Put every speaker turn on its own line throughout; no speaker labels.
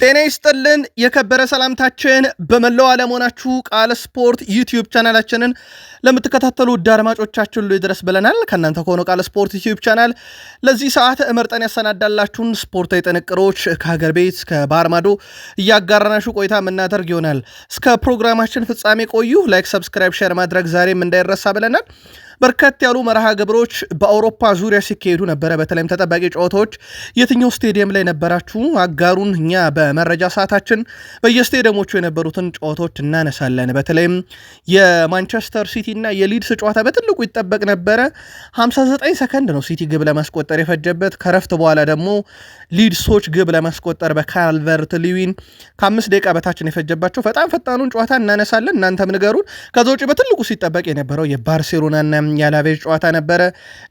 ጤና ይስጥልን የከበረ ሰላምታችን በመላው ዓለም ሆናችሁ ቃል ስፖርት ዩቲዩብ ቻናላችንን ለምትከታተሉ ውድ አድማጮቻችን ሁሉ ይድረስ ብለናል። ከእናንተ ከሆነ ቃል ስፖርት ዩቲዩብ ቻናል ለዚህ ሰዓት መርጠን ያሰናዳላችሁን ስፖርታዊ ጥንቅሮች ከሀገር ቤት ባህር ማዶ እያጋራናችሁ ቆይታ የምናደርግ ይሆናል። እስከ ፕሮግራማችን ፍጻሜ ቆዩ። ላይክ፣ ሰብስክራይብ፣ ሼር ማድረግ ዛሬም እንዳይረሳ ብለናል። በርከት ያሉ መርሃ ግብሮች በአውሮፓ ዙሪያ ሲካሄዱ ነበረ። በተለይም ተጠባቂ ጨዋታዎች የትኛው ስቴዲየም ላይ ነበራችሁ? አጋሩን። እኛ በመረጃ ሰዓታችን በየስቴዲየሞቹ የነበሩትን ጨዋታዎች እናነሳለን። በተለይም የማንቸስተር ሲቲ እና የሊድስ ጨዋታ በትልቁ ይጠበቅ ነበረ። 59 ሰከንድ ነው ሲቲ ግብ ለማስቆጠር የፈጀበት። ከረፍት በኋላ ደግሞ ሊድሶች ግብ ለማስቆጠር በካልቨርት ሊዊን ከአምስት ደቂቃ በታችን የፈጀባቸው በጣም ፈጣኑን ጨዋታ እናነሳለን፣ እናንተም ንገሩን። ከዛ ውጭ በትልቁ ሲጠበቅ የነበረው የባርሴሎናና የአላቬዝ ጨዋታ ነበረ።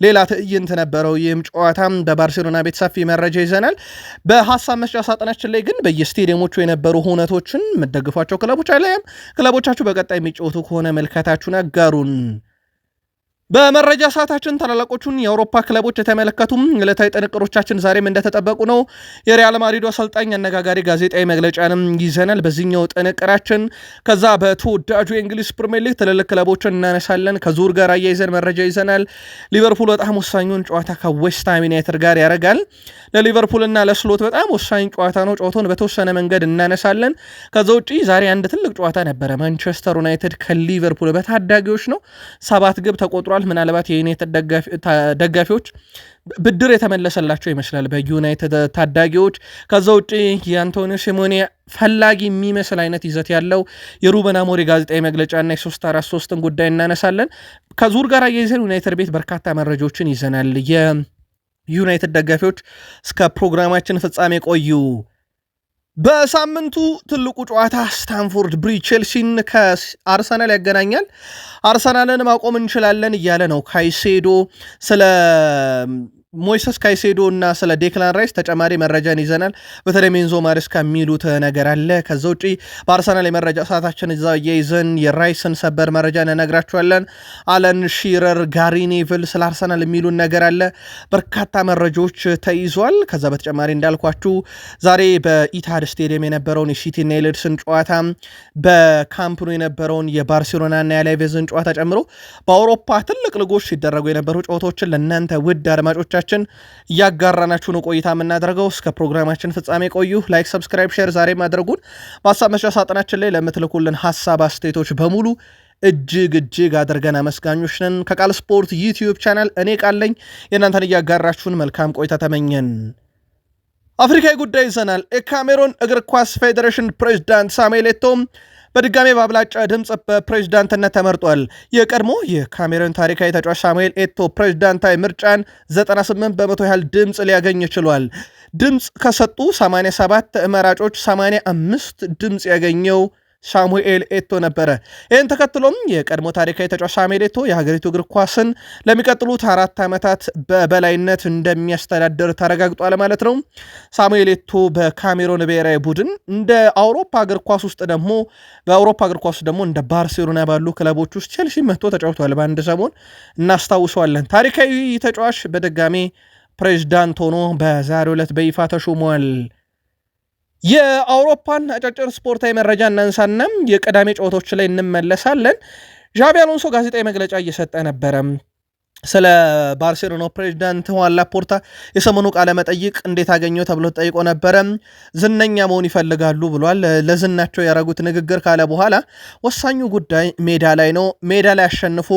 ሌላ ትዕይንት ነበረው። ይህም ጨዋታ በባርሴሎና ቤት ሰፊ መረጃ ይዘናል። በሀሳብ መስጫ ሳጥናችን ላይ ግን በየስቴዲየሞቹ የነበሩ ሁነቶችን የምትደግፏቸው ክለቦች አለያም ክለቦቻችሁ በቀጣይ የሚጫወቱ ከሆነ መልከታችሁን አጋሩን። በመረጃ ሰዓታችን ታላላቆቹን የአውሮፓ ክለቦች የተመለከቱም ዕለታዊ ጥንቅሮቻችን ዛሬም እንደተጠበቁ ነው። የሪያል ማድሪዱ አሰልጣኝ አነጋጋሪ ጋዜጣዊ መግለጫንም ይዘናል በዚህኛው ጥንቅራችን። ከዛ በተወዳጁ የእንግሊዝ ፕሪምየር ሊግ ትልልቅ ክለቦችን እናነሳለን። ከዙር ጋር አያይዘን መረጃ ይዘናል። ሊቨርፑል በጣም ወሳኙን ጨዋታ ከዌስትሃም ዩናይትድ ጋር ያደርጋል። ለሊቨርፑልና ለስሎት በጣም ወሳኝ ጨዋታ ነው። ጨዋታውን በተወሰነ መንገድ እናነሳለን። ከዛ ውጪ ዛሬ አንድ ትልቅ ጨዋታ ነበረ። ማንቸስተር ዩናይትድ ከሊቨርፑል በታዳጊዎች ነው ሰባት ግብ ተቆጥሯል። ተናግሯል። ምናልባት የዩናይትድ ደጋፊዎች ብድር የተመለሰላቸው ይመስላል በዩናይትድ ታዳጊዎች። ከዛ ውጭ የአንቶኒ ሲሞኔ ፈላጊ የሚመስል አይነት ይዘት ያለው የሩበን አሞሪ ጋዜጣዊ መግለጫና የሶስት አራት ሶስትን ጉዳይ እናነሳለን። ከዙር ጋር የይዘን ዩናይትድ ቤት በርካታ መረጃዎችን ይዘናል። የዩናይትድ ደጋፊዎች እስከ ፕሮግራማችን ፍጻሜ ቆዩ። በሳምንቱ ትልቁ ጨዋታ ስታንፎርድ ብሪጅ ቼልሲን ከአርሰናል ያገናኛል። አርሰናልን ማቆም እንችላለን እያለ ነው ካይሴዶ ስለ ሞይሰስ ካይሴዶ እና ስለ ዴክላን ራይስ ተጨማሪ መረጃን ይዘናል። በተለይ ሜንዞ ማሬስካ የሚሉት ነገር አለ። ከዛ ውጪ በአርሰናል የመረጃ ሰዓታችን እዛ እየይዘን የራይስን ሰበር መረጃ እንነግራችኋለን። አለን ሺረር፣ ጋሪ ኔቭል ስለ አርሰናል የሚሉን ነገር አለ። በርካታ መረጃዎች ተይዟል። ከዛ በተጨማሪ እንዳልኳችሁ ዛሬ በኢታድ ስቴዲየም የነበረውን የሲቲና የሌድስን ጨዋታ በካምፕኑ የነበረውን የባርሴሎና የባርሴሎናና የአላቬዝን ጨዋታ ጨምሮ በአውሮፓ ትልቅ ልጎች ሲደረጉ የነበሩ ጨዋታዎችን ለእናንተ ውድ አድማጮቻችን መረጃዎችን እያጋራናችሁ ነው ቆይታ የምናደርገው። እስከ ፕሮግራማችን ፍጻሜ ቆዩ። ላይክ፣ ሰብስክራይብ፣ ሼር ዛሬ ማድረጉን በሀሳብ መስጫ ሳጥናችን ላይ ለምትልኩልን ሀሳብ አስተያየቶች በሙሉ እጅግ እጅግ አድርገን አመስጋኞች ነን። ከቃል ስፖርት ዩቲዩብ ቻናል እኔ ቃለኝ የእናንተን እያጋራችሁን መልካም ቆይታ ተመኘን። አፍሪካዊ ጉዳይ ይዘናል። የካሜሮን እግር ኳስ ፌዴሬሽን ፕሬዚዳንት ሳሙኤል ኤቶም በድጋሜ በአብላጫ ድምፅ በፕሬዝዳንትነት ተመርጧል። የቀድሞ የካሜሮን ታሪካዊ ተጫዋች ሳሙኤል ኤቶ ፕሬዝዳንታዊ ምርጫን 98 በመቶ ያህል ድምፅ ሊያገኝ ችሏል። ድምፅ ከሰጡ 87 መራጮች 85 ድምፅ ያገኘው ሳሙኤል ኤቶ ነበረ። ይህን ተከትሎም የቀድሞ ታሪካዊ ተጫዋች ሳሙኤል ኤቶ የሀገሪቱ እግር ኳስን ለሚቀጥሉት አራት ዓመታት በበላይነት እንደሚያስተዳድር ተረጋግጧል ማለት ነው። ሳሙኤል ኤቶ በካሜሮን ብሔራዊ ቡድን እንደ አውሮፓ እግር ኳስ ውስጥ ደግሞ በአውሮፓ እግር ኳስ ደግሞ እንደ ባርሴሎና ባሉ ክለቦች ውስጥ ቼልሲ መጥቶ ተጫውተዋል። በአንድ ሰሞን እናስታውሰዋለን። ታሪካዊ ተጫዋች በድጋሜ ፕሬዚዳንት ሆኖ በዛሬው ዕለት በይፋ ተሾሟል። የአውሮፓን አጫጭር ስፖርታዊ መረጃ እናንሳናም የቅዳሜ ጨዋታዎች ላይ እንመለሳለን። ዣቢ አሎንሶ ጋዜጣዊ መግለጫ እየሰጠ ነበረ ስለ ባርሴሎና ፕሬዚዳንት ሁዋን ላፖርታ የሰሞኑ ቃለ መጠይቅ እንዴት አገኘው ተብሎ ጠይቆ ነበረ። ዝነኛ መሆን ይፈልጋሉ ብሏል። ለዝናቸው ያደረጉት ንግግር ካለ በኋላ ወሳኙ ጉዳይ ሜዳ ላይ ነው። ሜዳ ላይ አሸንፎ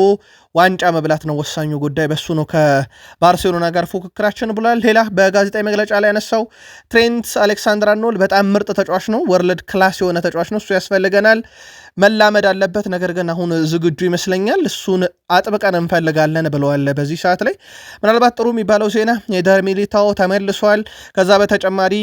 ዋንጫ መብላት ነው ወሳኙ ጉዳይ፣ በሱ ነው ከባርሴሎና ጋር ፉክክራችን ብሏል። ሌላ በጋዜጣዊ መግለጫ ላይ ያነሳው ትሬንት አሌክሳንደር አርኖልድ በጣም ምርጥ ተጫዋች ነው፣ ወርልድ ክላስ የሆነ ተጫዋች ነው። እሱ ያስፈልገናል፣ መላመድ አለበት። ነገር ግን አሁን ዝግጁ ይመስለኛል፣ እሱን አጥብቀን እንፈልጋለን ብለዋል። በዚህ ሰዓት ላይ ምናልባት ጥሩ የሚባለው ዜና የዳር ተመልሷል። ከዛ በተጨማሪ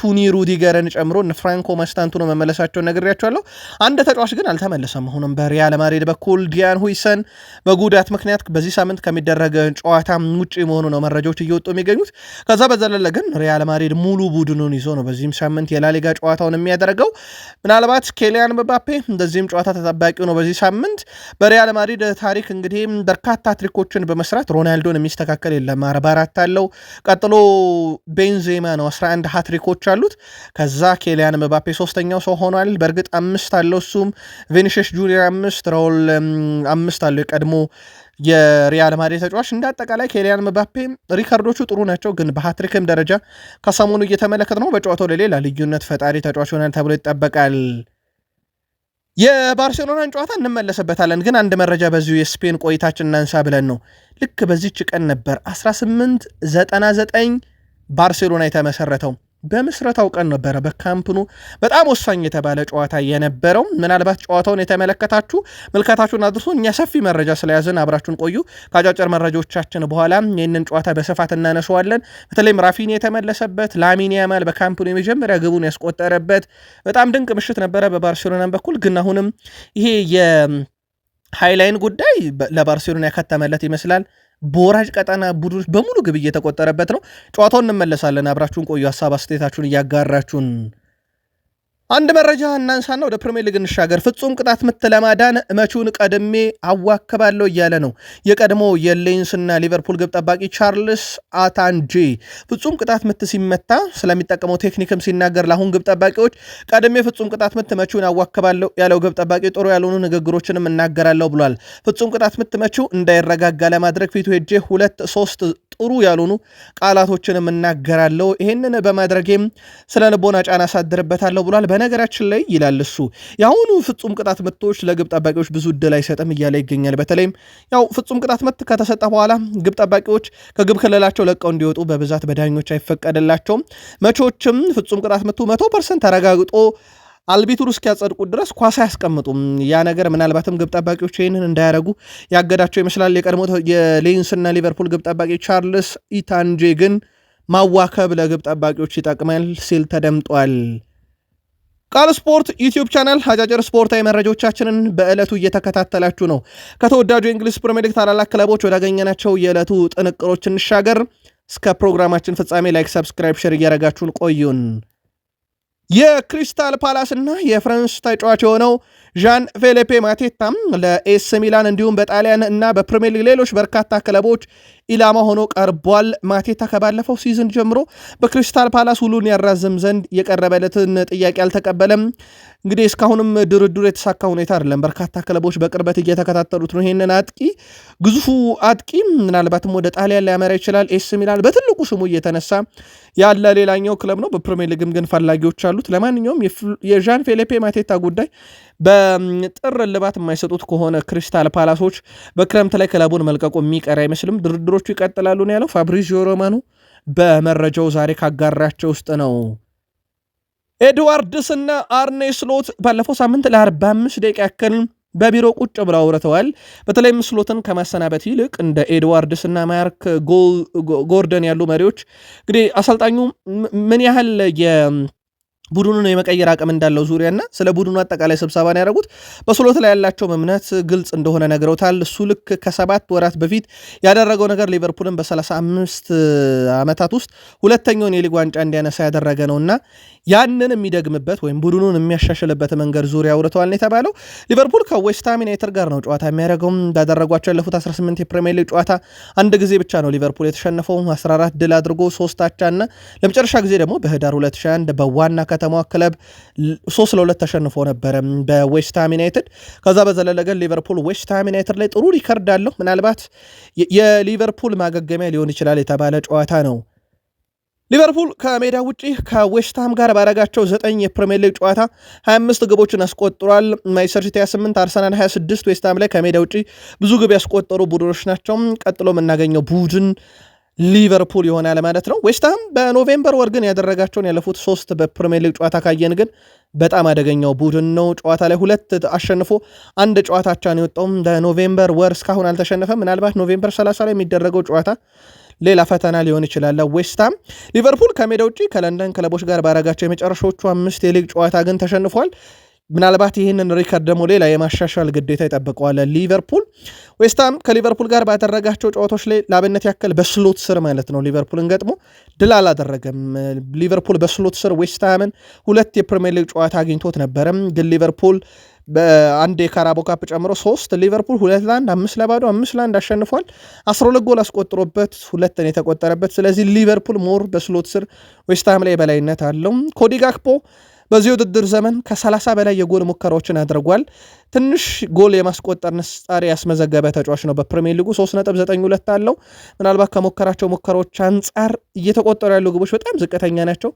ቱኒ ሩዲገርን ጨምሮ ፍራንኮ ማስታንቱኖ መመለሳቸውን ነግሬያቸዋለሁ። አንድ ተጫዋች ግን አልተመለሰም። አሁንም በሪያል ማድሪድ በኩል ዲያን ሁይሰን በጉዳት ምክንያት በዚህ ሳምንት ከሚደረገ ጨዋታ ውጭ መሆኑ ነው መረጃዎች እየወጡ የሚገኙት። ከዛ በዘለለ ግን ሪያል ማድሪድ ሙሉ ቡድኑን ይዞ ነው በዚህም ሳምንት የላሊጋ ጨዋታውን የሚያደርገው። ምናልባት ኬሊያን ምባፔ እንደዚህም ጨዋታ ተጠባቂው ነው በዚህ ሳምንት። በሪያል ማድሪድ ታሪክ እንግዲህ በርካታ ትሪኮችን በመስራት ሮናልዶን የሚስተካከል የለም፣ 44 አለው። ቀጥሎ ቤንዜማ ነው 11 ሀትሪኮች አሉት። ከዛ ኬሊያን መባፔ ሶስተኛው ሰው ሆኗል። በእርግጥ አምስት አለው እሱም ቬኒሽስ ጁኒየር አምስት፣ ራውል አምስት አለው የቀድሞ የሪያል ማድሪድ ተጫዋች እንደ አጠቃላይ ኬሊያን መባፔ ሪከርዶቹ ጥሩ ናቸው፣ ግን በሀትሪክም ደረጃ ከሰሞኑ እየተመለከት ነው በጨዋታው ለሌላ ልዩነት ፈጣሪ ተጫዋች ይሆናል ተብሎ ይጠበቃል። የባርሴሎናን ጨዋታ እንመለስበታለን፣ ግን አንድ መረጃ በዚሁ የስፔን ቆይታችን እናንሳ ብለን ነው። ልክ በዚች ቀን ነበር 1899 ባርሴሎና የተመሰረተው። በምስረታው ቀን ነበረ በካምፕኑ በጣም ወሳኝ የተባለ ጨዋታ የነበረው። ምናልባት ጨዋታውን የተመለከታችሁ ምልከታችሁን አድርሱ። እኛ ሰፊ መረጃ ስለያዝን አብራችሁን ቆዩ። ከአጫጭር መረጃዎቻችን በኋላ ይህንን ጨዋታ በስፋት እናነሰዋለን። በተለይም ራፊን የተመለሰበት፣ ላሚን ያማል በካምፕኑ የመጀመሪያ ግቡን ያስቆጠረበት በጣም ድንቅ ምሽት ነበረ በባርሴሎና በኩል ግን አሁንም ይሄ የሃይላይን ጉዳይ ለባርሴሎና ያከተመለት ይመስላል። በወራጅ ቀጠና ቡድኖች በሙሉ ግብ እየተቆጠረበት ነው። ጨዋታውን እንመለሳለን። አብራችሁን ቆዩ። ሀሳብ አስተያየታችሁን እያጋራችሁን አንድ መረጃ እናንሳና ወደ ፕሪሚየር ሊግ እንሻገር። ፍጹም ቅጣት ምት ለማዳን መቹን ቀድሜ አዋከባለሁ እያለ ነው የቀድሞ የሌንስና ሊቨርፑል ግብ ጠባቂ ቻርልስ አታንጂ። ፍጹም ቅጣት ምት ሲመታ ስለሚጠቀመው ቴክኒክም ሲናገር ለአሁን ግብ ጠባቂዎች ቀድሜ ፍጹም ቅጣት ምት መቹን አዋከባለሁ ያለው ግብ ጠባቂ ጥሩ ያልሆኑ ንግግሮችንም እናገራለሁ ብሏል። ፍጹም ቅጣት ምት መቹ እንዳይረጋጋ ለማድረግ ፊቱ ሄጄ ሁለት ሶስት ጥሩ ያልሆኑ ቃላቶችንም እናገራለሁ። ይህንን በማድረጌም ስለ ልቦና ጫና አሳድርበታለሁ ብሏል። በነገራችን ላይ ይላል እሱ የአሁኑ ፍጹም ቅጣት ምቶች ለግብ ጠባቂዎች ብዙ እድል አይሰጥም እያለ ይገኛል። በተለይም ያው ፍጹም ቅጣት ምት ከተሰጠ በኋላ ግብ ጠባቂዎች ከግብ ክልላቸው ለቀው እንዲወጡ በብዛት በዳኞች አይፈቀድላቸውም። መቾችም ፍጹም ቅጣት ምቱ መቶ ፐርሰንት ተረጋግጦ አልቢቱር እስኪያጸድቁ ድረስ ኳስ አያስቀምጡም። ያ ነገር ምናልባትም ግብ ጠባቂዎች ይህንን እንዳያደረጉ ያገዳቸው ይመስላል። የቀድሞ የሌንስና ሊቨርፑል ግብ ጠባቂ ቻርልስ ኢታንጄ ግን ማዋከብ ለግብ ጠባቂዎች ይጠቅማል ሲል ተደምጧል። ቃል ስፖርት ዩቲዩብ ቻናል አጫጭር ስፖርታዊ መረጃዎቻችንን በዕለቱ እየተከታተላችሁ ነው። ከተወዳጁ የእንግሊዝ ፕሪሚየር ሊግ ታላላቅ ክለቦች ወዳገኘናቸው የዕለቱ ጥንቅሮች እንሻገር። እስከ ፕሮግራማችን ፍጻሜ ላይክ፣ ሰብስክራይብ፣ ሼር እያረጋችሁን ቆዩን። የክሪስታል ፓላስ እና የፍረንስ ተጫዋች የሆነው ዣን ፌሌፔ ማቴታም ለኤስ ሚላን እንዲሁም በጣሊያን እና በፕሪሚየር ሊግ ሌሎች በርካታ ክለቦች ኢላማ ሆኖ ቀርቧል። ማቴታ ከባለፈው ሲዝን ጀምሮ በክሪስታል ፓላስ ውሉን ያራዝም ዘንድ የቀረበለትን ጥያቄ አልተቀበለም። እንግዲህ እስካሁንም ድርድሩ የተሳካ ሁኔታ አይደለም። በርካታ ክለቦች በቅርበት እየተከታተሉት ነው። ይህንን አጥቂ ግዙፉ አጥቂ ምናልባትም ወደ ጣሊያን ሊያመራ ይችላል። ኤስ ሚላን በትልቁ ስሙ እየተነሳ ያለ ሌላኛው ክለብ ነው። በፕሪሚየር ሊግም ግን ፈላጊዎች አሉት። ለማንኛውም የዣን ፌሌፔ ማቴታ ጉዳይ በጥር እልባት የማይሰጡት ከሆነ ክሪስታል ፓላሶች በክረምት ላይ ክለቡን መልቀቁ የሚቀር አይመስልም። ድርድሮቹ ይቀጥላሉ ነው ያለው ፋብሪዚዮ ሮማኖ በመረጃው ዛሬ ካጋራቸው ውስጥ ነው። ኤድዋርድስ እና አርኔ ስሎት ባለፈው ሳምንት ለ45 ደቂቃ ያክል በቢሮ ቁጭ ብለው አውርተዋል። በተለይም ስሎትን ከማሰናበት ይልቅ እንደ ኤድዋርድስ እና ማርክ ጎርደን ያሉ መሪዎች እንግዲህ አሰልጣኙ ምን ያህል ቡድኑን የመቀየር አቅም እንዳለው ዙሪያና ስለ ቡድኑ አጠቃላይ ስብሰባ ያደረጉት። በስሎት ላይ ያላቸውም እምነት ግልጽ እንደሆነ ነግረውታል። እሱ ልክ ከሰባት ወራት በፊት ያደረገው ነገር ሊቨርፑልን በ35 ዓመታት ውስጥ ሁለተኛውን የሊግ ዋንጫ እንዲያነሳ ያደረገ ነውና ያንን የሚደግምበት ወይም ቡድኑን የሚያሻሽልበት መንገድ ዙሪያ አውርተዋል የተባለው። ሊቨርፑል ከዌስትሃም ዩናይትድ ጋር ነው ጨዋታ የሚያደርገው እንዳደረጓቸው ያለፉት 18 የፕሪሚየር ሊግ ጨዋታ አንድ ጊዜ ብቻ ነው ሊቨርፑል የተሸነፈው፣ 14 ድል አድርጎ ሶስት አቻና ለመጨረሻ ጊዜ ደግሞ በህዳር 2001 በዋና የከተማዋ ክለብ ሶስት ለሁለት ተሸንፎ ነበረ በዌስትሃም ዩናይትድ። ከዛ በዘለለ ግን ሊቨርፑል ዌስትሃም ዩናይትድ ላይ ጥሩ ሪከርድ አለው። ምናልባት የሊቨርፑል ማገገሚያ ሊሆን ይችላል የተባለ ጨዋታ ነው። ሊቨርፑል ከሜዳ ውጪ ከዌስትሃም ጋር ባረጋቸው ዘጠኝ የፕሪሚየር ሊግ ጨዋታ 25 ግቦችን አስቆጥሯል። ማንቸስተር ሲቲ 28፣ አርሰናል 26። ዌስትሃም ላይ ከሜዳ ውጪ ብዙ ግብ ያስቆጠሩ ቡድኖች ናቸው። ቀጥሎ የምናገኘው ቡድን ሊቨርፑል ይሆናል ማለት ነው። ዌስትሃም በኖቬምበር ወር ግን ያደረጋቸውን ያለፉት ሶስት በፕሪሚየር ሊግ ጨዋታ ካየን ግን በጣም አደገኛው ቡድን ነው። ጨዋታ ላይ ሁለት አሸንፎ አንድ ጨዋታ አቻን የወጣውም በኖቬምበር ወር እስካሁን አልተሸነፈም። ምናልባት ኖቬምበር 30 ላይ የሚደረገው ጨዋታ ሌላ ፈተና ሊሆን ይችላል። ዌስትሃም ሊቨርፑል ከሜዳ ውጭ ከለንደን ክለቦች ጋር ባረጋቸው የመጨረሻዎቹ አምስት የሊግ ጨዋታ ግን ተሸንፏል። ምናልባት ይህንን ሪከርድ ደግሞ ሌላ የማሻሻል ግዴታ ይጠብቀዋል ሊቨርፑል። ዌስትሃም ከሊቨርፑል ጋር ባደረጋቸው ጨዋታዎች ላይ ለአብነት ያክል በስሎት ስር ማለት ነው ሊቨርፑልን ገጥሞ ድል አላደረገም። ሊቨርፑል በስሎት ስር ዌስትሃምን ሁለት የፕሪሚየር ሊግ ጨዋታ አግኝቶት ነበረም፣ ግን ሊቨርፑል በአንድ የካራቦ ካፕ ጨምሮ ሶስት ሊቨርፑል ሁለት ለአንድ አምስት ለባዶ አምስት ለአንድ አሸንፏል። አስራ ሁለት ጎል አስቆጥሮበት ሁለትን የተቆጠረበት ስለዚህ ሊቨርፑል ሞር በስሎት ስር ዌስትሃም ላይ በላይነት አለው። ኮዲ ጋክፖ በዚህ ውድድር ዘመን ከ30 በላይ የጎል ሙከራዎችን አድርጓል። ትንሽ ጎል የማስቆጠር ንስጣሪ ያስመዘገበ ተጫዋች ነው። በፕሪሚየር ሊጉ 3.92 አለው። ምናልባት ከሞከራቸው ሙከራዎች አንጻር እየተቆጠሩ ያሉ ግቦች በጣም ዝቅተኛ ናቸው።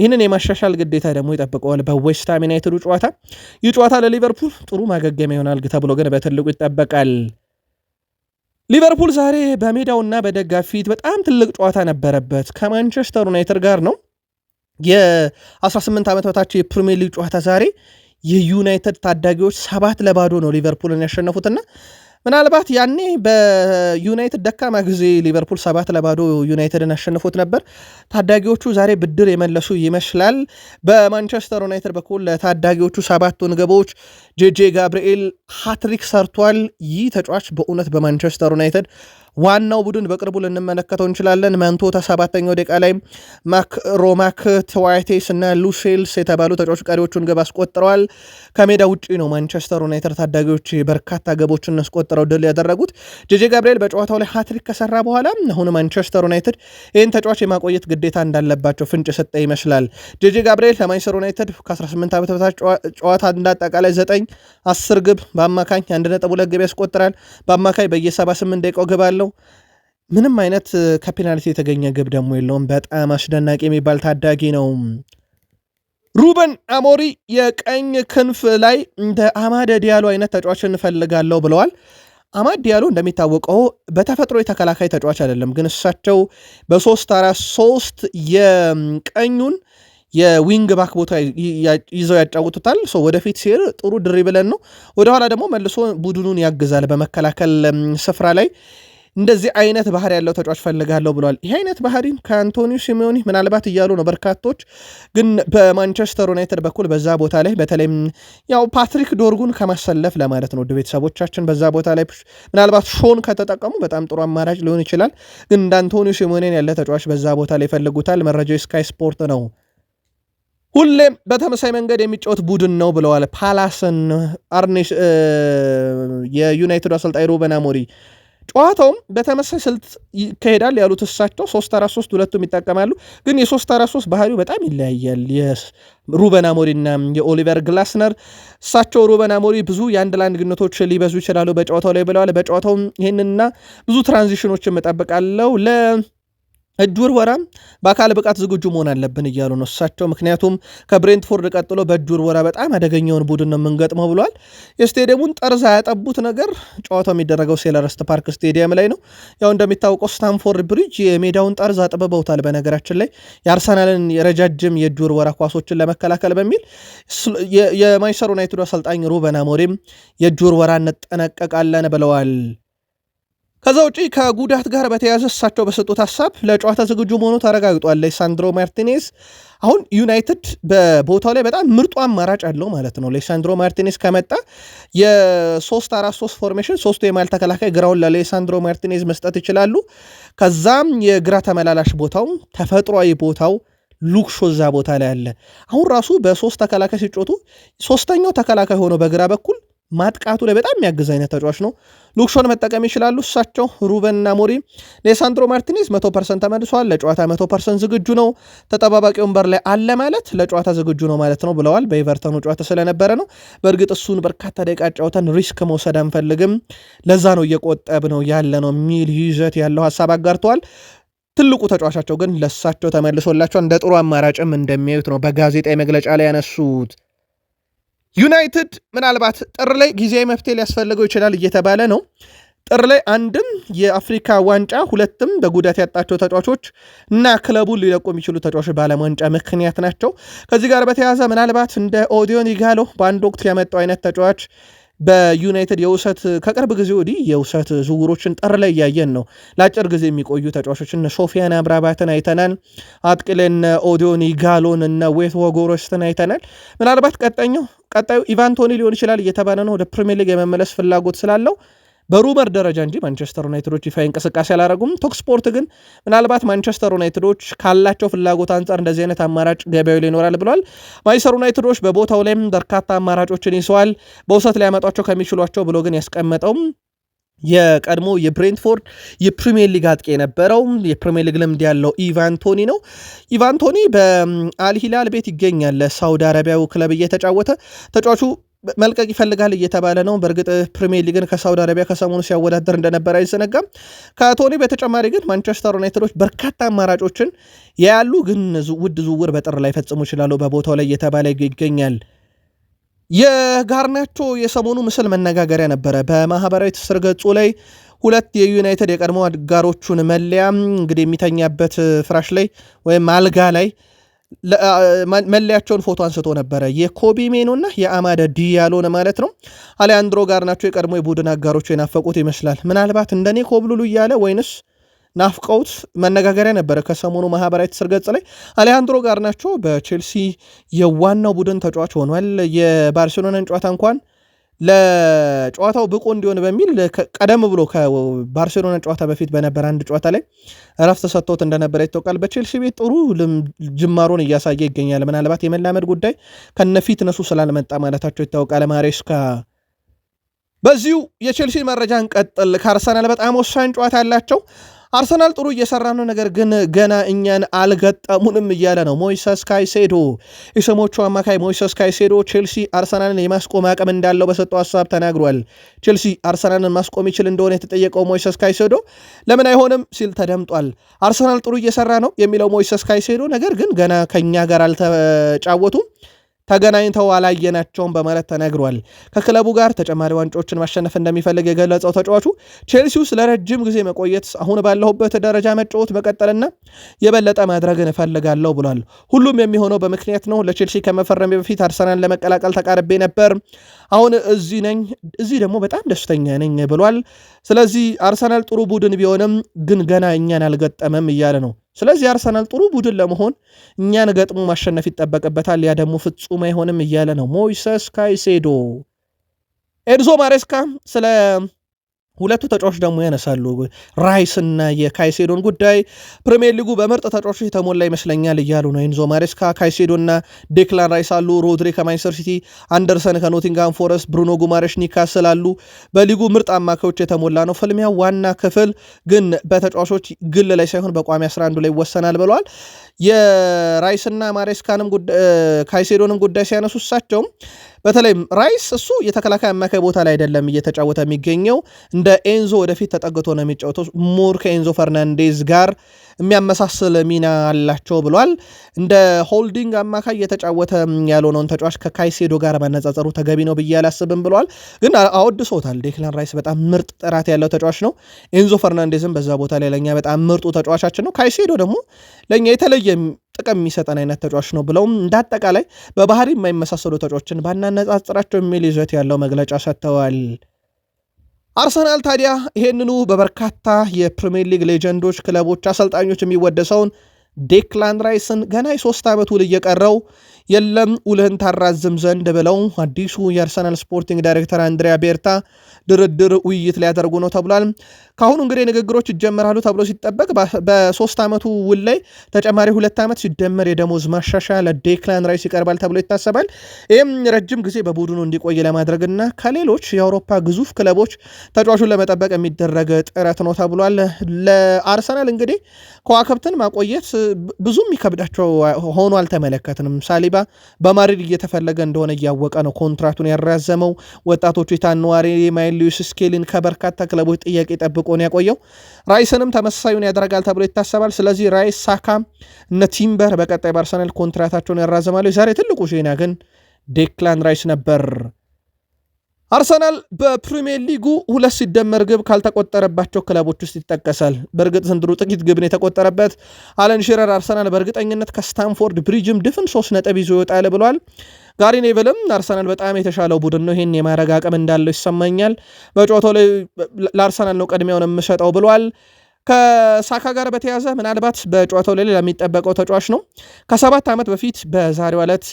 ይህንን የማሻሻል ግዴታ ደግሞ ይጠብቀዋል። በዌስትሃም ዩናይትዱ ጨዋታ ይህ ጨዋታ ለሊቨርፑል ጥሩ ማገገሚያ ይሆናል ተብሎ ግን በትልቁ ይጠበቃል። ሊቨርፑል ዛሬ በሜዳውና በደጋፊት በጣም ትልቅ ጨዋታ ነበረበት ከማንቸስተር ዩናይትድ ጋር ነው። የ18 ዓመት በታቸው የፕሪሚየር ሊግ ጨዋታ ዛሬ የዩናይትድ ታዳጊዎች ሰባት ለባዶ ነው ሊቨርፑልን ያሸነፉትና ምናልባት ያኔ በዩናይትድ ደካማ ጊዜ ሊቨርፑል ሰባት ለባዶ ዩናይትድን አሸንፎት ነበር። ታዳጊዎቹ ዛሬ ብድር የመለሱ ይመስላል። በማንቸስተር ዩናይትድ በኩል ለታዳጊዎቹ ሰባቱን ግቦች ጄጄ ጋብርኤል ሃትሪክ ሰርቷል። ይህ ተጫዋች በእውነት በማንቸስተር ዩናይትድ ዋናው ቡድን በቅርቡ ልንመለከተው እንችላለን። መንቶ ተሰባተኛው ደቂቃ ላይ ማክ ሮማክ፣ ትዋይቴስ እና ሉሴልስ የተባሉ ተጫዋች ቀሪዎቹን ግብ አስቆጥረዋል። ከሜዳ ውጪ ነው ማንቸስተር ዩናይትድ ታዳጊዎች በርካታ ገቦችን አስቆጥረው ድል ያደረጉት። ጄጄ ጋብርኤል በጨዋታው ላይ ሀትሪክ ከሰራ በኋላ አሁን ማንቸስተር ዩናይትድ ይህን ተጫዋች የማቆየት ግዴታ እንዳለባቸው ፍንጭ ሰጠ ይመስላል። ጄጄ ጋብርኤል ለማንቸስተር ዩናይትድ ከ18 ዓመት በታች ጨዋታ እንዳጠቃላይ 9 10 ግብ በአማካኝ 1.2 ግብ ያስቆጥራል። በአማካኝ በየ78 ደቂቃው ግብ አለው። አለው። ምንም አይነት ከፔናልቲ የተገኘ ግብ ደግሞ የለውም። በጣም አስደናቂ የሚባል ታዳጊ ነው። ሩበን አሞሪ የቀኝ ክንፍ ላይ እንደ አማደ ዲያሎ አይነት ተጫዋች እንፈልጋለሁ ብለዋል። አማድ ዲያሎ እንደሚታወቀው በተፈጥሮ የተከላካይ ተጫዋች አይደለም፣ ግን እሳቸው በሶስት አራት ሶስት የቀኙን የዊንግ ባክ ቦታ ይዘው ያጫውቱታል። ወደፊት ሲሄድ ጥሩ ድሪ ብለን ነው፣ ወደኋላ ደግሞ መልሶ ቡድኑን ያግዛል በመከላከል ስፍራ ላይ እንደዚህ አይነት ባህሪ ያለው ተጫዋች ፈልጋለሁ ብለዋል። ይህ አይነት ባህሪም ከአንቶኒዮ ሲሜዮኒ ምናልባት እያሉ ነው በርካቶች። ግን በማንቸስተር ዩናይትድ በኩል በዛ ቦታ ላይ በተለይም ያው ፓትሪክ ዶርጉን ከማሰለፍ ለማለት ነው ቤተሰቦቻችን በዛ ቦታ ላይ ምናልባት ሾን ከተጠቀሙ በጣም ጥሩ አማራጭ ሊሆን ይችላል። ግን እንደ አንቶኒዮ ሲሜዮኔን ያለ ተጫዋች በዛ ቦታ ላይ ይፈልጉታል። መረጃው ስካይ ስፖርት ነው። ሁሌም በተመሳይ መንገድ የሚጫወት ቡድን ነው ብለዋል። ፓላስን አርኔ የዩናይትዱ አሰልጣኝ ሩበን ጨዋታውም በተመሳሳይ ስልት ይካሄዳል ያሉት እሳቸው ሶስት አራት ሶስት ሁለቱም ይጠቀማሉ። ግን የሶስት አራት ሶስት ባህሪው በጣም ይለያያል የሩበን አሞሪና የኦሊቨር ግላስነር። እሳቸው ሩበን አሞሪ ብዙ የአንድ ለአንድ ግንቶች ሊበዙ ይችላሉ በጨዋታው ላይ ብለዋል። በጨዋታውም ይህንና ብዙ ትራንዚሽኖችን እጠብቃለሁ ለ እጁር ወራም በአካል ብቃት ዝግጁ መሆን አለብን እያሉ ነው እሳቸው። ምክንያቱም ከብሬንትፎርድ ቀጥሎ በእጁር ወራ በጣም አደገኛውን ቡድን ነው የምንገጥመው ብሏል። የስቴዲየሙን ጠርዝ ያጠቡት ነገር ጨዋታው የሚደረገው ሴለረስት ፓርክ ስቴዲየም ላይ ነው። ያው እንደሚታወቀው ስታንፎርድ ብሪጅ የሜዳውን ጠርዝ አጥብበውታል። በነገራችን ላይ የአርሰናልን የረጃጅም የእጁር ወራ ኳሶችን ለመከላከል በሚል የማንቸስተር ዩናይትዱ አሰልጣኝ ሩበን አሞሪም የእጁር ወራ እንጠነቀቃለን ብለዋል። ከዛ ውጪ ከጉዳት ጋር በተያያዘ እሳቸው በሰጡት ሀሳብ ለጨዋታ ዝግጁ መሆኑ ተረጋግጧል። ሌሳንድሮ ማርቲኔዝ አሁን ዩናይትድ በቦታው ላይ በጣም ምርጡ አማራጭ አለው ማለት ነው። ሌሳንድሮ ማርቲኔዝ ከመጣ የሶስት 343 ፎርሜሽን ሶስቱ የማል ተከላካይ ግራውን ለሌሳንድሮ ማርቲኔዝ መስጠት ይችላሉ። ከዛም የግራ ተመላላሽ ቦታው ተፈጥሯዊ ቦታው ሉክሾ እዛ ቦታ ላይ አለ። አሁን ራሱ በሶስት ተከላካይ ሲጮቱ ሶስተኛው ተከላካይ ሆኖ በግራ በኩል ማጥቃቱ ላይ በጣም የሚያግዝ አይነት ተጫዋች ነው። ሉክሾን መጠቀም ይችላሉ እሳቸው ሩበን ሞሪ ሌሳንድሮ ማርቲኔዝ መቶ ፐርሰንት ተመልሷል፣ ለጨዋታ መቶ ፐርሰንት ዝግጁ ነው፣ ተጠባባቂ ወንበር ላይ አለ ማለት ለጨዋታ ዝግጁ ነው ማለት ነው ብለዋል። በኤቨርተኑ ጨዋታ ስለነበረ ነው። በእርግጥ እሱን በርካታ ደቂቃ ጫውተን ሪስክ መውሰድ አንፈልግም፣ ለዛ ነው እየቆጠብ ነው ያለ ነው የሚል ይዘት ያለው ሀሳብ አጋርተዋል። ትልቁ ተጫዋቻቸው ግን ለሳቸው ተመልሶላቸው እንደ ጥሩ አማራጭም እንደሚያዩት ነው በጋዜጣዊ መግለጫ ላይ ያነሱት። ዩናይትድ ምናልባት ጥር ላይ ጊዜያዊ መፍትሄ ሊያስፈልገው ይችላል እየተባለ ነው። ጥር ላይ አንድም የአፍሪካ ዋንጫ ሁለትም በጉዳት ያጣቸው ተጫዋቾች እና ክለቡን ሊለቁ የሚችሉ ተጫዋቾች በዓለም ዋንጫ ምክንያት ናቸው። ከዚህ ጋር በተያያዘ ምናልባት እንደ ኦዲዮን ይጋሎ በአንድ ወቅት ያመጣው አይነት ተጫዋች በዩናይትድ የውሰት ከቅርብ ጊዜ ወዲህ የውሰት ዝውውሮችን ጠር ላይ እያየን ነው። ለአጭር ጊዜ የሚቆዩ ተጫዋቾችን ሶፊያን አምራባትን አይተናል። አጥቅልን ኦዲዮን ጋሎን እና ዌት ወጎሮስትን አይተናል። ምናልባት ቀጣኛው ቀጣዩ ኢቫንቶኒ ሊሆን ይችላል እየተባለ ነው። ወደ ፕሪሚየር ሊግ የመመለስ ፍላጎት ስላለው በሩመር ደረጃ እንጂ ማንቸስተር ዩናይትዶች ይፋ እንቅስቃሴ አላረጉም። ቶክስፖርት ግን ምናልባት ማንቸስተር ዩናይትዶች ካላቸው ፍላጎት አንጻር እንደዚህ አይነት አማራጭ ገበያው ላይ ይኖራል ብሏል። ማንቸስተር ዩናይትዶች በቦታው ላይም በርካታ አማራጮችን ይዘዋል። በውሰት ሊያመጧቸው ከሚችሏቸው ብሎ ግን ያስቀመጠውም የቀድሞ የብሬንትፎርድ የፕሪሚየር ሊግ አጥቂ የነበረው የፕሪሚየር ሊግ ልምድ ያለው ኢቫንቶኒ ነው። ኢቫንቶኒ በአልሂላል ቤት ይገኛል። ለሳውዲ አረቢያው ክለብ እየተጫወተ ተጫዋቹ መልቀቅ ይፈልጋል እየተባለ ነው። በእርግጥ ፕሪሚየር ሊግን ከሳውዲ አረቢያ ከሰሞኑ ሲያወዳደር እንደነበር አይዘነጋም። ከቶኒ በተጨማሪ ግን ማንቸስተር ዩናይትዶች በርካታ አማራጮችን ያያሉ፣ ግን ውድ ዝውውር በጥር ላይ ፈጽሙ ይችላሉ በቦታው ላይ እየተባለ ይገኛል። የጋርናቾ የሰሞኑ ምስል መነጋገሪያ ነበረ። በማህበራዊ ትስስር ገጹ ላይ ሁለት የዩናይትድ የቀድሞ አጋሮቹን መለያ እንግዲህ የሚተኛበት ፍራሽ ላይ ወይም አልጋ ላይ መለያቸውን ፎቶ አንስቶ ነበረ። የኮቢ ሜኖና የአማደ ዲያሎን ማለት ነው። አሊያንድሮ ጋር ናቸው የቀድሞ የቡድን አጋሮቹ የናፈቁት ይመስላል። ምናልባት እንደኔ ኮብሉሉ እያለ ወይንስ ናፍቀውት መነጋገሪያ ነበረ። ከሰሞኑ ማህበራዊ ትስስር ገጽ ላይ ጋር ናቸው በቼልሲ የዋናው ቡድን ተጫዋች ሆኗል። የባርሴሎናን ጨዋታ እንኳን ለጨዋታው ብቁ እንዲሆን በሚል ቀደም ብሎ ከባርሴሎና ጨዋታ በፊት በነበረ አንድ ጨዋታ ላይ እረፍት ሰጥቶት እንደነበረ ይታወቃል። በቼልሲ ቤት ጥሩ ጅማሮን እያሳየ ይገኛል። ምናልባት የመላመድ ጉዳይ ከነፊት ነሱ ስላልመጣ ማለታቸው ይታወቃል። ማሬስካ በዚሁ የቼልሲ መረጃ እንቀጥል። ከአርሰናል በጣም ወሳኝ ጨዋታ ያላቸው አርሰናል ጥሩ እየሰራ ነው፣ ነገር ግን ገና እኛን አልገጠሙንም እያለ ነው ሞይሰስ ካይሴዶ። የሰሞቹ አማካይ ሞይሰስ ካይሴዶ ቼልሲ አርሰናልን የማስቆም አቅም እንዳለው በሰጠው ሀሳብ ተናግሯል። ቼልሲ አርሰናልን ማስቆም ይችል እንደሆነ የተጠየቀው ሞይሰስ ካይሴዶ ለምን አይሆንም ሲል ተደምጧል። አርሰናል ጥሩ እየሰራ ነው የሚለው ሞይሰስ ካይሴዶ ነገር ግን ገና ከእኛ ጋር አልተጫወቱም ተገናኝተው አላየናቸውም በማለት ተናግሯል። ከክለቡ ጋር ተጨማሪ ዋንጮችን ማሸነፍ እንደሚፈልግ የገለጸው ተጫዋቹ ቼልሲ ውስጥ ለረጅም ጊዜ መቆየት፣ አሁን ባለሁበት ደረጃ መጫወት መቀጠልና የበለጠ ማድረግን እፈልጋለሁ ብሏል። ሁሉም የሚሆነው በምክንያት ነው። ለቼልሲ ከመፈረሜ በፊት አርሰናል ለመቀላቀል ተቃርቤ ነበር። አሁን እዚህ ነኝ፣ እዚህ ደግሞ በጣም ደስተኛ ነኝ ብሏል። ስለዚህ አርሰናል ጥሩ ቡድን ቢሆንም ግን ገና እኛን አልገጠመም እያለ ነው። ስለዚህ አርሰናል ጥሩ ቡድን ለመሆን እኛን ገጥሞ ማሸነፍ ይጠበቅበታል፣ ያ ደግሞ ፍጹም አይሆንም እያለ ነው ሞይሰስ ካይሴዶ። ኤድዞ ማሬስካ ስለ ሁለቱ ተጫዋች ደግሞ ያነሳሉ ራይስ እና የካይሴዶን ጉዳይ። ፕሪሚየር ሊጉ በምርጥ ተጫዋቾች የተሞላ ይመስለኛል እያሉ ነው። ኢንዞ ማሬስካ፣ ካይሴዶ እና ዴክላን ራይስ አሉ። ሮድሪ ከማንቸስተር ሲቲ፣ አንደርሰን ከኖቲንጋም ፎረስት፣ ብሩኖ ጉማሬሽ ኒካስል አሉ። በሊጉ ምርጥ አማካዮች የተሞላ ነው። ፍልሚያ ዋና ክፍል ግን በተጫዋቾች ግል ላይ ሳይሆን በቋሚ 11 ላይ ይወሰናል ብለዋል። የራይስና ማሬስካንም ካይሴዶንም ጉዳይ ሲያነሱ እሳቸውም በተለይም ራይስ እሱ የተከላካይ አማካይ ቦታ ላይ አይደለም እየተጫወተ የሚገኘው እንደ ኤንዞ ወደፊት ተጠግቶ ነው የሚጫወተው። ሞር ከኤንዞ ፈርናንዴዝ ጋር የሚያመሳስል ሚና አላቸው ብሏል። እንደ ሆልዲንግ አማካይ እየተጫወተ ያልሆነውን ተጫዋች ከካይሴዶ ጋር መነጻጸሩ ተገቢ ነው ብዬ አላስብም ብሏል። ግን አወድሶታል። ዴክላን ራይስ በጣም ምርጥ ጥራት ያለው ተጫዋች ነው። ኤንዞ ፈርናንዴዝም በዛ ቦታ ላይ ለእኛ በጣም ምርጡ ተጫዋቻችን ነው። ካይሴዶ ደግሞ ለእኛ የተለየ ጥቅም የሚሰጠን አይነት ተጫዋች ነው ብለው እንዳጠቃላይ በባህሪ የማይመሳሰሉ ተጫዋችን ባናነጻጽራቸው የሚል ይዘት ያለው መግለጫ ሰጥተዋል። አርሰናል ታዲያ ይህንኑ በበርካታ የፕሪሚየር ሊግ ሌጀንዶች፣ ክለቦች፣ አሰልጣኞች የሚወደሰውን ዴክላን ራይስን ገና የሶስት ዓመት ውል እየቀረው የለም ውልህን ታራዝም ዘንድ ብለው አዲሱ የአርሰናል ስፖርቲንግ ዳይሬክተር አንድሪያ ቤርታ ድርድር ውይይት ሊያደርጉ ነው ተብሏል። ከአሁኑ እንግዲህ ንግግሮች ይጀመራሉ ተብሎ ሲጠበቅ በሶስት ዓመቱ ውል ላይ ተጨማሪ ሁለት ዓመት ሲደመር የደሞዝ ማሻሻያ ለዴክላን ራይስ ይቀርባል ተብሎ ይታሰባል። ይህም ረጅም ጊዜ በቡድኑ እንዲቆይ ለማድረግና ከሌሎች የአውሮፓ ግዙፍ ክለቦች ተጫዋቹን ለመጠበቅ የሚደረግ ጥረት ነው ተብሏል። ለአርሰናል እንግዲህ ከዋክብትን ማቆየት ብዙ የሚከብዳቸው ሆኖ አልተመለከትንም። ሳሊባ በማድሪድ እየተፈለገ እንደሆነ እያወቀ ነው ኮንትራቱን ያራዘመው። ወጣቶቹ የታንዋሪ ማይልዩስ ስኬሊን ከበርካታ ክለቦች ጥያቄ ጠብቁ ተጠብቆ ነው ያቆየው። ራይስንም ተመሳሳዩን ያደረጋል ተብሎ ይታሰባል። ስለዚህ ራይስ፣ ሳካም እነ ቲምበር በቀጣይ በአርሰናል ኮንትራታቸውን ያራዘማሉ። የዛሬ ትልቁ ዜና ግን ዴክላን ራይስ ነበር። አርሰናል በፕሪሚየር ሊጉ ሁለት ሲደመር ግብ ካልተቆጠረባቸው ክለቦች ውስጥ ይጠቀሳል። በእርግጥ ዘንድሮ ጥቂት ግብን የተቆጠረበት አለን ሽረር አርሰናል በእርግጠኝነት ከስታንፎርድ ብሪጅም ድፍን ሶስት ነጥብ ይዞ ይወጣል ብሏል። ጋሪ ኔቭልም አርሰናል በጣም የተሻለው ቡድን ነው፣ ይህን የማድረግ አቅም እንዳለው ይሰማኛል፣ በጨዋታው ላይ ለአርሰናል ነው ቅድሚያውን የምሰጠው ብሏል። ከሳካ ጋር በተያዘ ምናልባት በጨዋታው ላይ ለሚጠበቀው ተጫዋች ነው። ከሰባት ዓመት በፊት በዛሬው ዕለት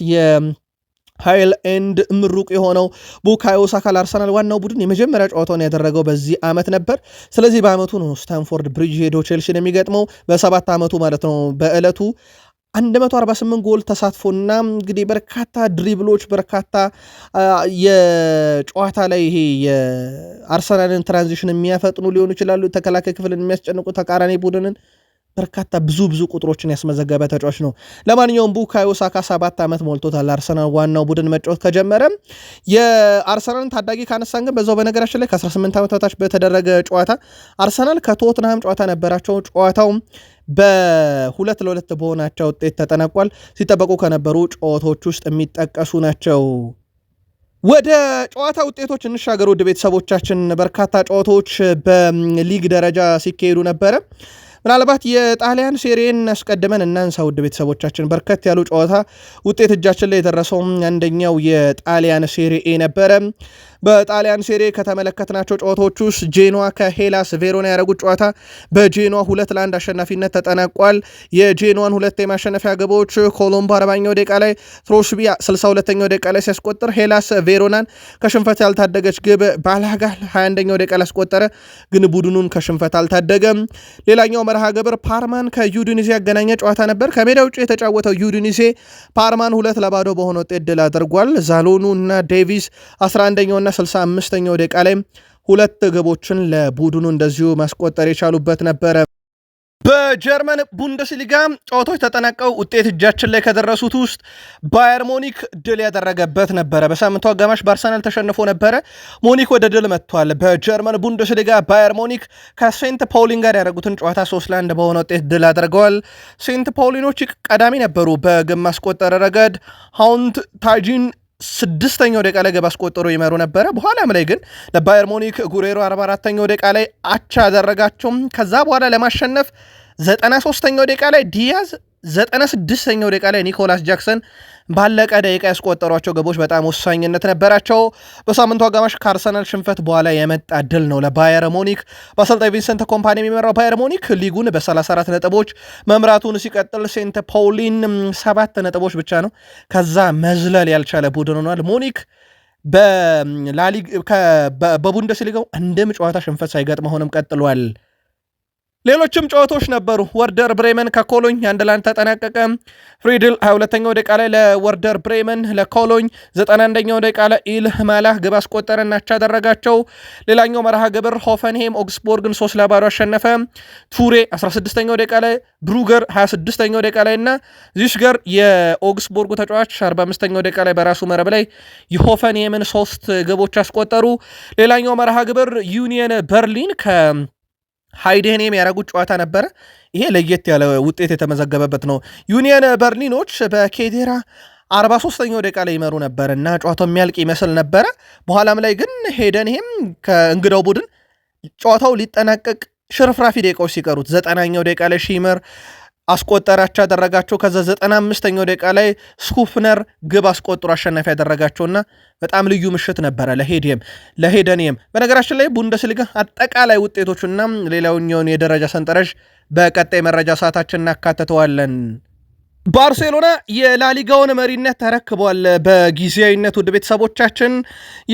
ሀይል ኤንድ ምሩቅ የሆነው ቡካዮ ሳካ ለአርሰናል ዋናው ቡድን የመጀመሪያ ጨዋታውን ያደረገው በዚህ ዓመት ነበር። ስለዚህ በዓመቱ ነው ስታንፎርድ ብሪጅ ሄዶ ቼልሲን የሚገጥመው በሰባት ዓመቱ ማለት ነው በዕለቱ 148 ጎል ተሳትፎና እንግዲህ በርካታ ድሪብሎች በርካታ የጨዋታ ላይ ይሄ የአርሰናልን ትራንዚሽን የሚያፈጥኑ ሊሆኑ ይችላሉ። ተከላካይ ክፍልን የሚያስጨንቁ ተቃራኒ ቡድንን በርካታ ብዙ ብዙ ቁጥሮችን ያስመዘገበ ተጫዋች ነው። ለማንኛውም ቡካዮ ሳካ ሰባት ዓመት ሞልቶታል አርሰናል ዋናው ቡድን መጫወት ከጀመረ። የአርሰናልን ታዳጊ ካነሳን ግን በዛው በነገራችን ላይ ከ18 ዓመት በታች በተደረገ ጨዋታ አርሰናል ከቶትንሃም ጨዋታ ነበራቸው ጨዋታው በሁለት ለሁለት በሆናቸው ውጤት ተጠናቋል። ሲጠበቁ ከነበሩ ጨዋታዎች ውስጥ የሚጠቀሱ ናቸው። ወደ ጨዋታ ውጤቶች እንሻገር። ውድ ቤተሰቦቻችን በርካታ ጨዋታዎች በሊግ ደረጃ ሲካሄዱ ነበረ። ምናልባት የጣሊያን ሴሪን አስቀድመን እናንሳ። ውድ ቤተሰቦቻችን በርከት ያሉ ጨዋታ ውጤት እጃችን ላይ የደረሰው አንደኛው የጣሊያን ሴሪኤ ነበረ። በጣሊያን ሴሬ ከተመለከትናቸው ጨዋታዎች ውስጥ ጄኖዋ ከሄላስ ቬሮና ያደረጉት ጨዋታ በጄኖዋ ሁለት ለአንድ አሸናፊነት ተጠናቋል። የጄኖዋን ሁለት የማሸነፊያ ግቦች ኮሎምቦ አርባኛው ደቂቃ ላይ ትሮሽቢያ 62ኛው ደቂቃ ላይ ሲያስቆጥር ሄላስ ቬሮናን ከሽንፈት ያልታደገች ግብ ባላጋል 21ኛው ደቂቃ ላይ አስቆጠረ ግን ቡድኑን ከሽንፈት አልታደገም። ሌላኛው መርሃ ግብር ፓርማን ከዩዲኒዜ ያገናኘ ጨዋታ ነበር። ከሜዳ ውጭ የተጫወተው ዩዲኒዜ ፓርማን ሁለት ለባዶ በሆነ ውጤት ድል አድርጓል። ዛሎኑ እና ዴቪስ 11ኛውና 65ኛው ደቂቃ ላይ ሁለት ግቦችን ለቡድኑ እንደዚሁ ማስቆጠር የቻሉበት ነበረ። በጀርመን ቡንደስሊጋ ጨዋታዎች ተጠናቀው ውጤት እጃችን ላይ ከደረሱት ውስጥ ባየር ሞኒክ ድል ያደረገበት ነበረ። በሳምንቱ አጋማሽ በአርሰናል ተሸንፎ ነበረ። ሞኒክ ወደ ድል መጥቷል። በጀርመን ቡንደስሊጋ ባየር ሞኒክ ከሴንት ፓውሊን ጋር ያደረጉትን ጨዋታ ሶስት ለአንድ በሆነ ውጤት ድል አድርገዋል። ሴንት ፓውሊኖች ቀዳሚ ነበሩ በግብ ማስቆጠር ረገድ። ሀውንት ታጂን ስድስተኛው ደቂቃ ላይ ግብ አስቆጠሩ ይመሩ ነበረ። በኋላም ላይ ግን ለባየር ሞኒክ ጉሬሮ 44 ተኛው ደቂቃ ላይ አቻ ያደረጋቸውም። ከዛ በኋላ ለማሸነፍ 93 ተኛው ደቂቃ ላይ ዲያዝ ዘጠና ስድስተኛው ደቂቃ ላይ ኒኮላስ ጃክሰን ባለቀ ደቂቃ ያስቆጠሯቸው ግቦች በጣም ወሳኝነት ነበራቸው። በሳምንቱ አጋማሽ ከአርሰናል ሽንፈት በኋላ የመጣ ድል ነው ለባየር ሞኒክ። በአሰልጣኝ ቪንሰንት ኮምፓኒ የሚመራው ባየር ሞኒክ ሊጉን በ34 ነጥቦች መምራቱን ሲቀጥል ሴንት ፓውሊን ሰባት ነጥቦች ብቻ ነው ከዛ መዝለል ያልቻለ ቡድን ሆኗል። ሞኒክ በላሊግ በቡንደስሊጋው አንድም ጨዋታ ሽንፈት ሳይገጥመው አሁንም ቀጥሏል። ሌሎችም ጨዋታዎች ነበሩ። ወርደር ብሬመን ከኮሎኝ አንድ ለአንድ ተጠናቀቀ። ፍሪድል 22ኛው ደቂቃ ላይ ለወርደር ብሬመን ለኮሎኝ 91ኛው ደቂቃ ላይ ኢል ማላህ ግብ አስቆጠረ እናቻ አደረጋቸው። ሌላኛው መርሃ ግብር ሆፈንሄም ኦግስቦርግን 3 ለባዶ አሸነፈ። ቱሬ 16ኛው ደቂቃ ላይ፣ ብሩገር 26ኛው ደቂቃ ላይ እና ዚሽገር የኦግስቦርጉ ተጫዋች 45ኛው ደቂቃ ላይ በራሱ መረብ ላይ የሆፈንሄምን ሶስት ግቦች አስቆጠሩ። ሌላኛው መርሃ ግብር ዩኒየን በርሊን ከ ሃይድህን የሚያደርጉት ጨዋታ ነበረ። ይሄ ለየት ያለ ውጤት የተመዘገበበት ነው። ዩኒየን በርሊኖች በኬዴራ አርባ ሶስተኛው ደቂቃ ላይ ይመሩ ነበር እና ጨዋታው የሚያልቅ ይመስል ነበረ። በኋላም ላይ ግን ሄደን ይሄም ከእንግዳው ቡድን ጨዋታው ሊጠናቀቅ ሽርፍራፊ ደቂቃዎች ሲቀሩት ዘጠናኛው ደቂቃ ላይ ሺመር አስቆጠራቸው ያደረጋቸው ከዛ 95 ደቂቃ ላይ ስኩፍነር ግብ አስቆጥሮ አሸናፊ ያደረጋቸውና በጣም ልዩ ምሽት ነበረ ለሄድየም ለሄደንየም። በነገራችን ላይ ቡንደስሊጋ አጠቃላይ ውጤቶችና ሌላውኛውን የደረጃ ሰንጠረዥ በቀጣይ መረጃ ሰዓታችን እናካትተዋለን። ባርሴሎና የላሊጋውን መሪነት ተረክቧል በጊዜያዊነት። ውድ ቤተሰቦቻችን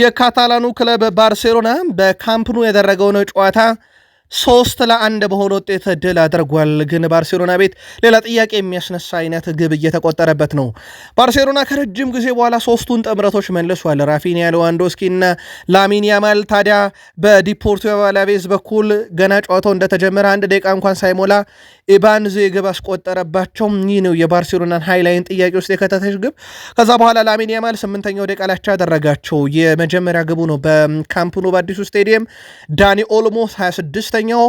የካታላኑ ክለብ ባርሴሎና በካምፕኑ ያደረገውን ጨዋታ ሶስት ለአንድ በሆነ ውጤት ድል አድርጓል። ግን ባርሴሎና ቤት ሌላ ጥያቄ የሚያስነሳ አይነት ግብ እየተቆጠረበት ነው። ባርሴሎና ከረጅም ጊዜ በኋላ ሶስቱን ጥምረቶች መልሷል። ራፊኒያ፣ ሌዋንዶስኪ እና ላሚን ያማል። ታዲያ በዲፖርቲቮ አላቬዝ በኩል ገና ጨዋታው እንደተጀመረ አንድ ደቂቃ እንኳን ሳይሞላ ኢባንዜ ግብ አስቆጠረባቸው። ይህ ነው የባርሴሎናን ሃይላይን ጥያቄ ውስጥ የከተተች ግብ። ከዛ በኋላ ላሚን ያማል ስምንተኛው ደቂቃ ላይ ያደረጋቸው የመጀመሪያ ግቡ ነው በካምፕኖ በአዲሱ ስቴዲየም። ዳኒ ኦልሞ 26ኛው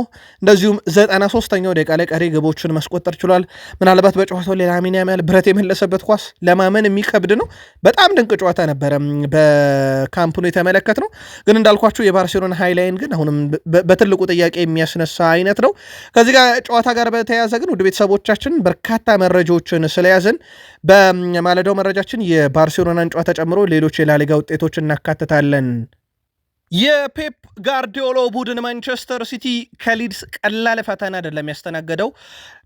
እንደዚሁም 93ኛው ደቂቃ ላይ ቀሪ ግቦችን ማስቆጠር ችሏል። ምናልባት በጨዋታው ላይ ላሚን ያማል ብረት የመለሰበት ኳስ ለማመን የሚከብድ ነው። በጣም ድንቅ ጨዋታ ነበረ በካምፕኖ የተመለከት ነው። ግን እንዳልኳቸው የባርሴሎና ሃይላይን ግን አሁንም በትልቁ ጥያቄ የሚያስነሳ አይነት ነው ከዚህ ጋር ጨዋታ ጋር በተያያዘ ግን ውድ ቤተሰቦቻችን በርካታ መረጃዎችን ስለያዝን በማለዳው መረጃችን የባርሴሎናን ጨዋታ ጨምሮ ሌሎች የላሊጋ ውጤቶች እናካትታለን። የፔፕ ጋርዲዮሎ ቡድን ማንቸስተር ሲቲ ከሊድስ ቀላል ፈተና አይደለም ያስተናገደው።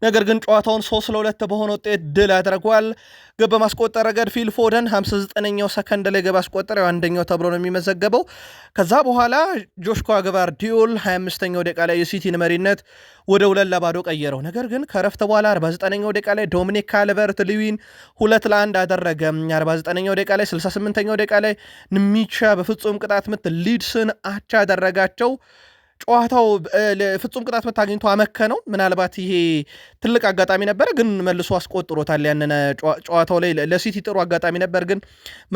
ነገር ግን ጨዋታውን ሶስት ለሁለት በሆነ ውጤት ድል አድርጓል። ግብ በማስቆጠር ረገድ ፊል ፎደን 59ኛው ሰከንድ ላይ ግብ አስቆጠረ፣ አንደኛው ተብሎ ነው የሚመዘገበው። ከዛ በኋላ ጆሽኳ ግባር ዲዮል 25ኛው ደቂቃ ላይ የሲቲን መሪነት ወደ ሁለት ለባዶ ቀየረው። ነገር ግን ከረፍት በኋላ 49ኛው ደቂቃ ላይ ዶሚኒክ ካልቨርት ሊዊን ሁለት ለአንድ አደረገ። 49ኛው ደቂቃ ላይ 68ኛው ደቂቃ ላይ ንሚቻ በፍጹም ቅጣት ምት ሊድስን አቻ አደረጋቸው። ጨዋታው ፍጹም ቅጣት ምት አግኝቶ ነው። ምናልባት ይሄ ትልቅ አጋጣሚ ነበረ፣ ግን መልሶ አስቆጥሮታል። ያንን ጨዋታው ላይ ለሲቲ ጥሩ አጋጣሚ ነበር፣ ግን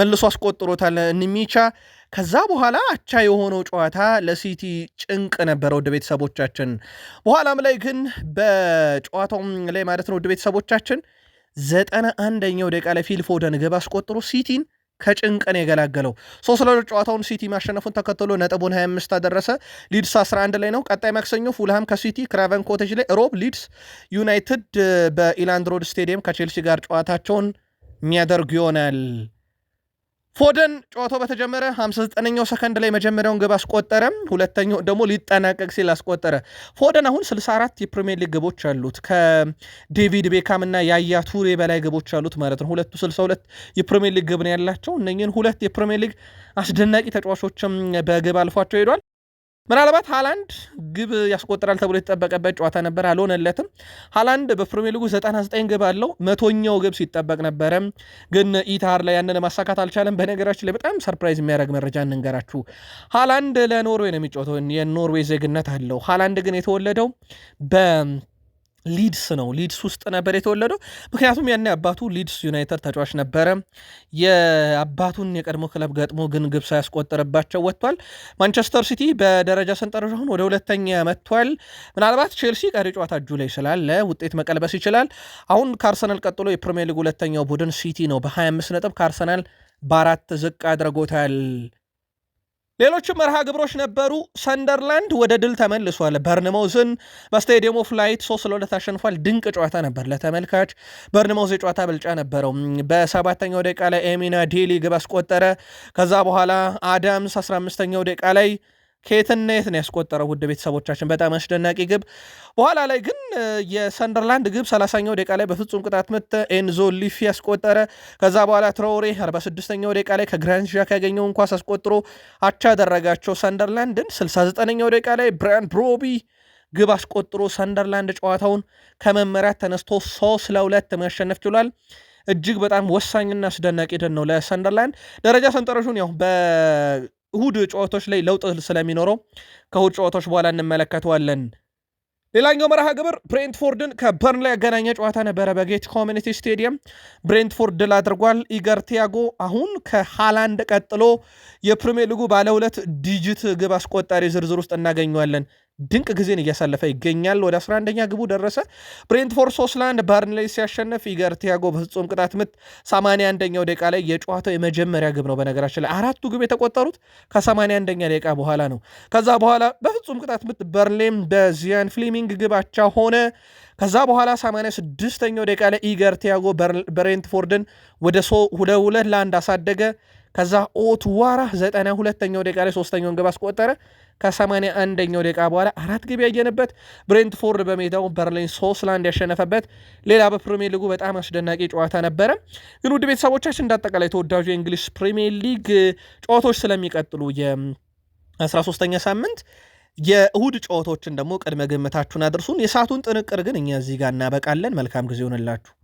መልሶ አስቆጥሮታል ንሚቻ። ከዛ በኋላ አቻ የሆነው ጨዋታ ለሲቲ ጭንቅ ነበረ፣ ውድ ቤተሰቦቻችን። በኋላም ላይ ግን በጨዋታው ላይ ማለት ነው ውድ ቤተሰቦቻችን ዘጠና አንደኛው ደቂቃ ላይ ፊል ፎደን ግብ አስቆጥሮ ሲቲን ከጭንቅን የገላገለው። ሶስት ለሁለት ጨዋታውን ሲቲ ማሸነፉን ተከትሎ ነጥቡን 25 አደረሰ። ሊድስ 11 ላይ ነው። ቀጣይ ማክሰኞ ፉልሃም ከሲቲ ክራቨን ኮቴጅ ላይ፣ ሮብ ሊድስ ዩናይትድ በኢላንድ ሮድ ስቴዲየም ከቼልሲ ጋር ጨዋታቸውን የሚያደርጉ ይሆናል። ፎደን ጨዋታው በተጀመረ 59ኛው ሰከንድ ላይ መጀመሪያውን ግብ አስቆጠረ። ሁለተኛው ደግሞ ሊጠናቀቅ ሲል አስቆጠረ። ፎደን አሁን 64 የፕሪሚየር ሊግ ግቦች አሉት። ከዴቪድ ቤካም እና ያያ ቱሬ በላይ ግቦች አሉት ማለት ነው። ሁለቱ 62 የፕሪሚየር ሊግ ግብ ነው ያላቸው። እነኝህን ሁለት የፕሪሚየር ሊግ አስደናቂ ተጫዋቾችም በግብ አልፏቸው ሄዷል። ምናልባት ሃላንድ ግብ ያስቆጥራል ተብሎ የተጠበቀበት ጨዋታ ነበር፣ አልሆነለትም። ሃላንድ በፕሪሚየር ሊጉ 99 ግብ አለው። መቶኛው ግብ ሲጠበቅ ነበረ፣ ግን ኢታር ላይ ያንን ማሳካት አልቻለም። በነገራችን ላይ በጣም ሰርፕራይዝ የሚያደርግ መረጃ እንንገራችሁ። ሃላንድ ለኖርዌይ ነው የሚጫወተው፣ የኖርዌይ ዜግነት አለው። ሃላንድ ግን የተወለደው በ ሊድስ ነው። ሊድስ ውስጥ ነበር የተወለደው። ምክንያቱም ያኔ አባቱ ሊድስ ዩናይትድ ተጫዋች ነበረ። የአባቱን የቀድሞ ክለብ ገጥሞ ግን ግብ ሳያስቆጥርባቸው ወጥቷል። ማንቸስተር ሲቲ በደረጃ ሰንጠረዥ አሁን ወደ ሁለተኛ መጥቷል። ምናልባት ቼልሲ ቀሪ ጨዋታ እጁ ላይ ስላለ ውጤት መቀልበስ ይችላል። አሁን ከአርሰናል ቀጥሎ የፕሪሚየር ሊግ ሁለተኛው ቡድን ሲቲ ነው በ25 ነጥብ ከአርሰናል በአራት ዝቅ አድርጎታል። ሌሎችም መርሃ ግብሮች ነበሩ። ሰንደርላንድ ወደ ድል ተመልሷል። በርንመውዝን በስታዲየም ኦፍ ላይት ሶስት ለሁለት አሸንፏል። ድንቅ ጨዋታ ነበር ለተመልካች። በርንመውዝ የጨዋታ ብልጫ ነበረው። በሰባተኛው ደቂቃ ላይ ኤሚና ዴሊ ግብ አስቆጠረ። ከዛ በኋላ አዳምስ 15ኛው ደቂቃ ላይ ከየትና የት ነው ያስቆጠረው? ውድ ቤተሰቦቻችን በጣም አስደናቂ ግብ። በኋላ ላይ ግን የሰንደርላንድ ግብ 30ኛው ደቂቃ ላይ በፍጹም ቅጣት ምት ኤንዞ ሊፊ ያስቆጠረ፣ ከዛ በኋላ ትሮሬ 46ኛው ደቂቃ ላይ ከግራንድ ዣክ ያገኘውን ኳስ አስቆጥሮ አቻ ያደረጋቸው ሰንደርላንድን 69ኛው ደቂቃ ላይ ብራያን ብሮቢ ግብ አስቆጥሮ ሰንደርላንድ ጨዋታውን ከመመሪያት ተነስቶ ሶስት ለሁለት ማሸነፍ ችሏል። እጅግ በጣም ወሳኝና አስደናቂ ድል ነው ለሰንደርላንድ። ደረጃ ሰንጠረሹን ያው እሁድ ጨዋታዎች ላይ ለውጥ ስለሚኖረው ከእሁድ ጨዋታዎች በኋላ እንመለከተዋለን። ሌላኛው መርሃ ግብር ብሬንትፎርድን ከበርንላይ ያገናኘ ጨዋታ ነበረ በጌት ኮሚኒቲ ስቴዲየም። ብሬንትፎርድ ድል አድርጓል። ኢገር ቲያጎ አሁን ከሃላንድ ቀጥሎ የፕሪሚየር ሊጉ ባለ ሁለት ዲጂት ግብ አስቆጣሪ ዝርዝር ውስጥ እናገኘዋለን። ድንቅ ጊዜን እያሳለፈ ይገኛል። ወደ 11ኛ ግቡ ደረሰ። ብሬንትፎርድ ሶስት ለአንድ ባርንሌይ ሲያሸንፍ ኢገር ቲያጎ በፍጹም ቅጣት ምት 81ኛው ደቂቃ ላይ የጨዋታው የመጀመሪያ ግብ ነው። በነገራችን ላይ አራቱ ግብ የተቆጠሩት ከ81ኛ ደቂቃ በኋላ ነው። ከዛ በኋላ በፍጹም ቅጣት ምት በርንሌም በዚያን ፍሊሚንግ ግባቻ ሆነ። ከዛ በኋላ 86ኛው ደቂቃ ላይ ኢገር ቲያጎ ብሬንትፎርድን ወደ ሁለት ለአንድ አሳደገ። ከዛ ኦት ዋራ 92ኛው ደቂቃ ላይ ሶስተኛውን ግብ አስቆጠረ። ከሰማንያ አንደኛው ደቂቃ በኋላ አራት ግብ ያየንበት ብሬንትፎርድ በሜዳው በርሊን ሶስት ለአንድ ያሸነፈበት ሌላ በፕሪሚየር ሊጉ በጣም አስደናቂ ጨዋታ ነበረ። ግን ውድ ቤተሰቦቻችን እንዳጠቃላይ ተወዳጁ የእንግሊዝ ፕሪሚየር ሊግ ጨዋታዎች ስለሚቀጥሉ የ13ኛ ሳምንት የእሁድ ጨዋታዎችን ደግሞ ቅድመ ግምታችሁን አድርሱን። የሰዓቱን ጥንቅር ግን እኛ እዚህ ጋር እናበቃለን። መልካም ጊዜ ይሆንላችሁ።